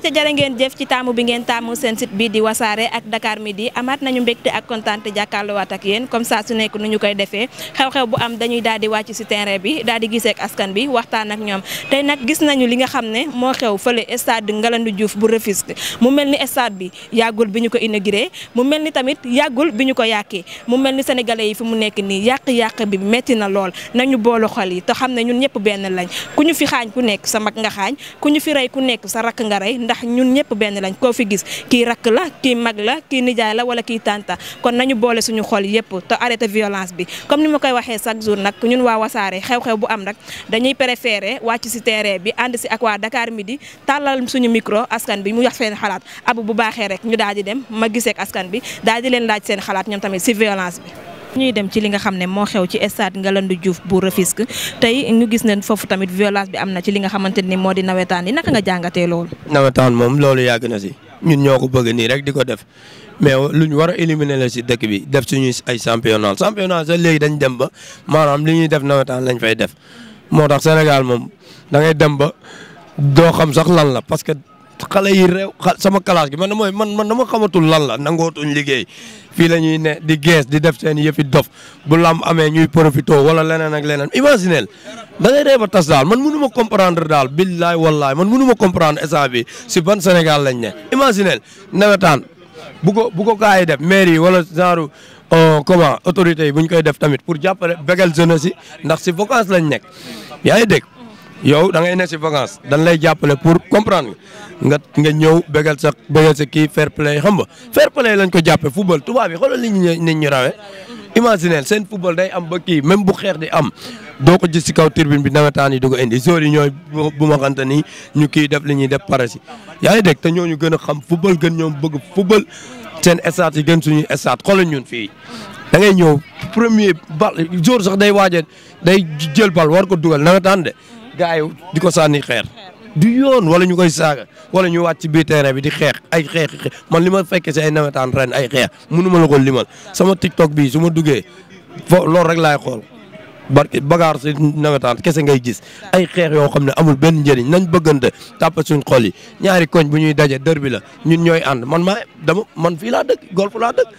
acca jërë ngeen jëf ci taamu bi ngeen taamu seen site bi di wasaare ak Dakar Midi amaat nañu mbégte ak kontaan te jàkkaarloowaat ak yéen comme ça su nekk nu ñu koy defee xew-xew bu am dañuy daal di wàcc si terrain bi daal di ak askan bi waxtaan ak ñoom tey nag gis nañu li nga xam ne moo xew fële stade Ngalandou Diouf bu Rufisque mu mel ni estade bi yàggul bi ñu ko inauguré mu mel ni tamit yàggul bi ñu ko yàqee mu mel ni sénégalais yi fi mu nekk nii yàq-yàq bi métti na lool nañu boolu xol yi te xam ne ñun ñëpp benn lañ ku ñu fi xaañ ku nekk sa mag nga ku ñu fi rey ku nekk sa rakk nga ndax ñun ñëpp benn lañ koo fi gis kii rakk la kii mag la kii nijaay la wala kii tanta kon nañu boole suñu xol yëpp te arrêté violence bi comme ni ma koy waxee chaque jour nag ñun waa wasaare xew-xew bu am nag dañuy préféré wàcc si terrain bi ànd si ak waa Dakar Midi tàllal suñu micro askan bi mu wax seen xalaat abu bu baaxee rek ñu daal di dem ma gisee askan bi daa di leen laaj seen xalaat ñoom tamit si violence bi ñuy dem ci li nga xam ne moo xew ci stade Ngalandou Diouf bu Rufisque tey ñu gis ne foofu tamit violence bi am na ci li nga xamante ni di nawetaan yi naka nga jàngatee loolu. nawetaan moom loolu yàgg na si ñun ñoo ko bëgg nii rek di ko def mais lu ñu war a éliminer la si dëkk bi def suñuy ay championnat championnat sax léegi dañ dem ba maanaam li ñuy def nawetaan lañ fay def moo tax Sénégal moom da ngay ba doo xam sax lan la parce xale yi réew sama classe gi man mooy man man dama xamatul lan la nangootuñ liggéey fii la ñuy ne di gees di def seen yëfi dof bu lam amee ñuy profité wala leneen ak leneen imaginel da ngay dee ba tas daal man mënu ma comprendre daal billaay wallaay man mënu ma comprendre bi si ban Sénégal lañ ne imaginel nawetaan bu ko bu ko gars yi def maire yi wala genre euh, comment autorités yi bu ñu koy def tamit pour jàppale bégal jeunesse yi ndax si vacance lañ nekk yaa ngi dégg yow da ngay ne si vacances dañ lay jàppale pour comprendre nga nga ñëw bégal sa bégal sa kii fair play xam nga fair play lañ ko jàppee football tubaab yi xoolal nit ñi nit ñi rawee. imaginer seen football day am ba kii même bu xeex di am doo ko gis si kaw tribune bi nawetaan yi di ko indi soor yi ñooy bu ma xamante ni ñu kii def li ñuy def pare si. yaa ngi dégg te ñooñu gën a xam football gën ñoom bëgg football seen stade yi gën suñuy stade xoolal ñun fii. da ngay ñëw premier bal jour sax day waaje day jël bal war ko dugal nawetaan de. gars yi di ko sànni xeer. du yoon wala ñu koy saaga wala ñu wàcc ci biir terrain bi di xeex ay xeex man li ma fekkee si ay nawetaan ren ay xeex mënu ma la ko limal sama TikTok bii su ma duggee fo loolu rek laay xool barki bagaar si nawetaan kese ngay gis ay xeex yoo xam ne amul benn njëriñ nañ bëggante tàppe suñ xol yi ñaari koñ bu ñuy daje dër bi la ñun ñooy ànd man maa dama man fii laa dëkk golf laa dëkk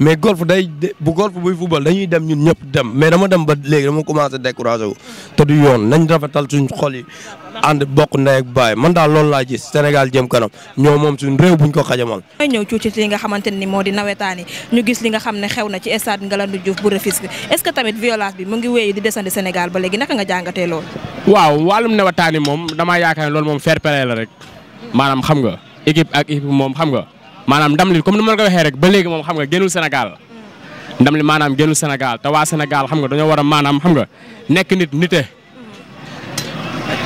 mais golf day bu golf buy football dañuy dem ñun ñëpp dem mais dama dem ba léegi dama commencé découragé wu te du yoon nañ rafetal suñ xol yi ànd bokk ndey ak baay man daal loolu laa gis Sénégal jëm kanam ñoo moom suñ réew buñ ko xajamal may ñëw ci li nga xamante ni moo di nawetaan ñu gis li nga xam ne xew na ci stade Ngalandou Diouf bu Rufisque est-ce que tamit violence bi mu ngi wéy di desandi Sénégal ba léegi naka nga jàngatee loolu waaw wàllum nawetaan yi moom damaa yaakaar ne loolu moom fair play rek maanaam xam nga équipe ak équipe moom xam nga maanaam ndam li comme ni ma waxee rek ba léegi moom xam nga génnul Sénégal ndam li maanaam génn Sénégal te waa Sénégal xam nga dañoo war a maanaam xam nga nekk nit nite.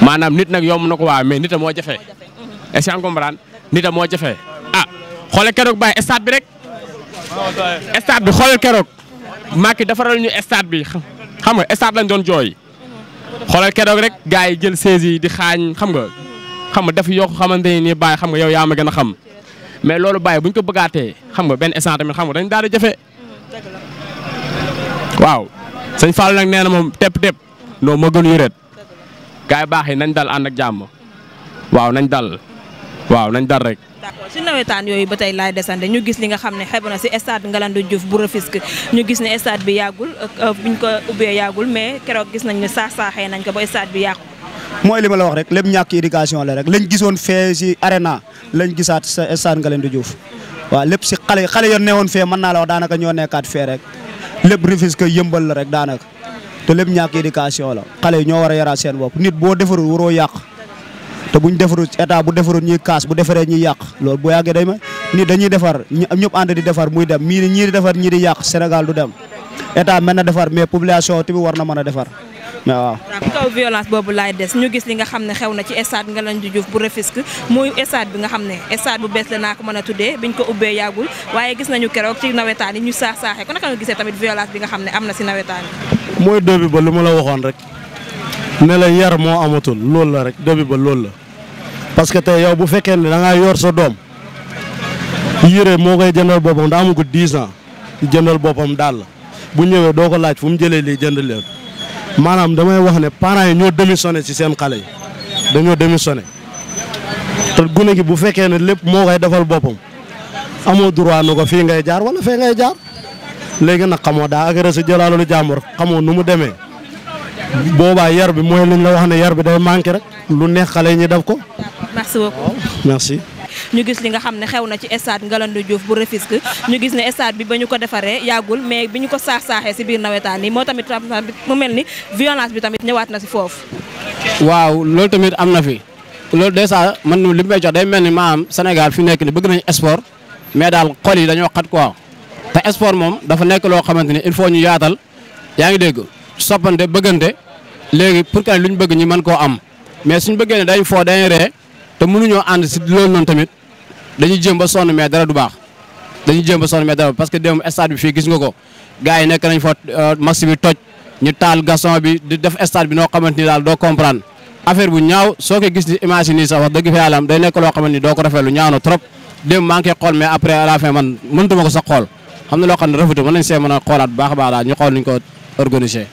maanaam nit nag yomb na ko waa mais nit moo jafe mhm. est-ce que comprendre a moo jafe ah xoolal keroog bàyyi stade bi rek stade bi xoolal keroog Macky defaral ñu stade bi xam nga stade lañ doon jooy xoolal keroog rek gars yi jël seize yi di xaañ xam nga xam nga daf yoo xamante ni nii bàyyi xam nga yow yaa ma gën a xam mais loolu baay bu ñu ko bëggaatee xam nga benn instant tamit xam nga dañ daal di jafe. waaw sëñ Fall nag nee na moom tepp tepp non ma gën yuret gaay baax yi nañ dal ànd ak jàmm waaw nañ dal waaw nañ dal rek. d'accord si nawetaan yooyu ba tey laay desande ñu gis li nga xam ne xeeb na si stade Ngalandou Diouf bu Rufisque ñu gis ne stade bi yàggul euh, buñ ko ubbee yàggul mais keroog gis nañ ne saax saaxee nañ ko ba stade bi yàqu. mooy li ma la wax rek lépp ñàkk irrigation la rek lañ gisoon fee si arena lañ gisaat sa leen Ngalandou Diouf waa lépp si xale xale yoon newoon fee mën naa la daanaka ñoo nekkaat fee rek. lépp Rufisque yëmbal la rek daanaka te lépp ñàkk éducation la xale yi ñoo war a yaraat seen bopp nit boo defarul waroo yàq te buñ defarul état bu defarul ñuy kaas bu defaree ñuy yàq loolu bu yàggee day ma nit dañuy defar ñëpp ànd di defar muy dem mii ñii di defar ñii di yàq Sénégal du dem état mën na defar mais population tamit war na mën a defar waaw. ci kaw violence boobu laay des ñu gis li nga xam ne xew na ci estade stade Ngalandou Diouf bu Rufisque muy stade bi nga xam ne stade bu bees la naa ko mën a tuddee biñ ko ubbee yàggul waaye gis nañu keroog ci nawetaan yi ñu saax saaxee ko naka nga gisee tamit violence bi nga xam ne am na si nawetaan mooy début ba lu ma la waxoon rek ne la yar moo amatul loolu la rek début ba loolu la parce que tey yow bu fekkee ni da ngaa yor sa doom yére moo koy jëndal boppam daa amagul 10 jëndal boppam daal bu ñëwee doo ko laaj fu mu jëlee lii jënd leen maanaam damay wax ne parents yi demi démissionné si seen xale yi dañoo démissionné te gune gi bu fekkee ne lépp moo koy defal boppam amoo droit na ko fii ngay jaar wala fee ngay jaar léegi nag xamoo daa agressé jëlaalalu jàmbur xamoo nu mu demee boobaa yar bi mooy luñ la wax ne yar bi day manqué rek lu neex xale yi ñu def ko. merci ñu gis li nga xam ne xew na ci stade Ngalandou Diouf bu Rufisque ñu gis ne stade bi ba ñu ko defaree yàggul mais bi ñu ko saax saaxee si biir nawetaan yi moo tamit mu mel ni violence bi tamit ñëwaat na si foofu. waaw loolu tamit am na fi loolu dèjà man li may jox day mel ni maam Sénégal fi nekk ni bëgg nañu sport mais daal xol yi dañoo xat quoi te sport moom dafa nekk loo xamante ni il faut ñu yaatal yaa ngi dégg soppante bëggante léegi pour que luñ bëgg ñi mën koo am mais suñ bëggee ne dañ foo dañ ree te mënuñoo ànd si loolu noonu tamit. dañu jëm ba sonn mais dara du baax dañu jëm ba sonn mais dara parce que démb stade bi fii gis nga ko gars nekk nañ fa euh, match toj ñu taal gaston bi def stade bi noo xamante ni daal doo comprendre affaire bu ñaaw soo ko gis ni image yi nii sax wax dëgg fa yàlla day nekk loo xamante ni doo ko rafetlu ñaaw na trop démb maa ngi koy xool a après la fin man mëntu ko sax xool xam na loo xam ne rafetlu mën nañ see mën a xoolaat bu baax a baax daal ñu xool ni ko organiser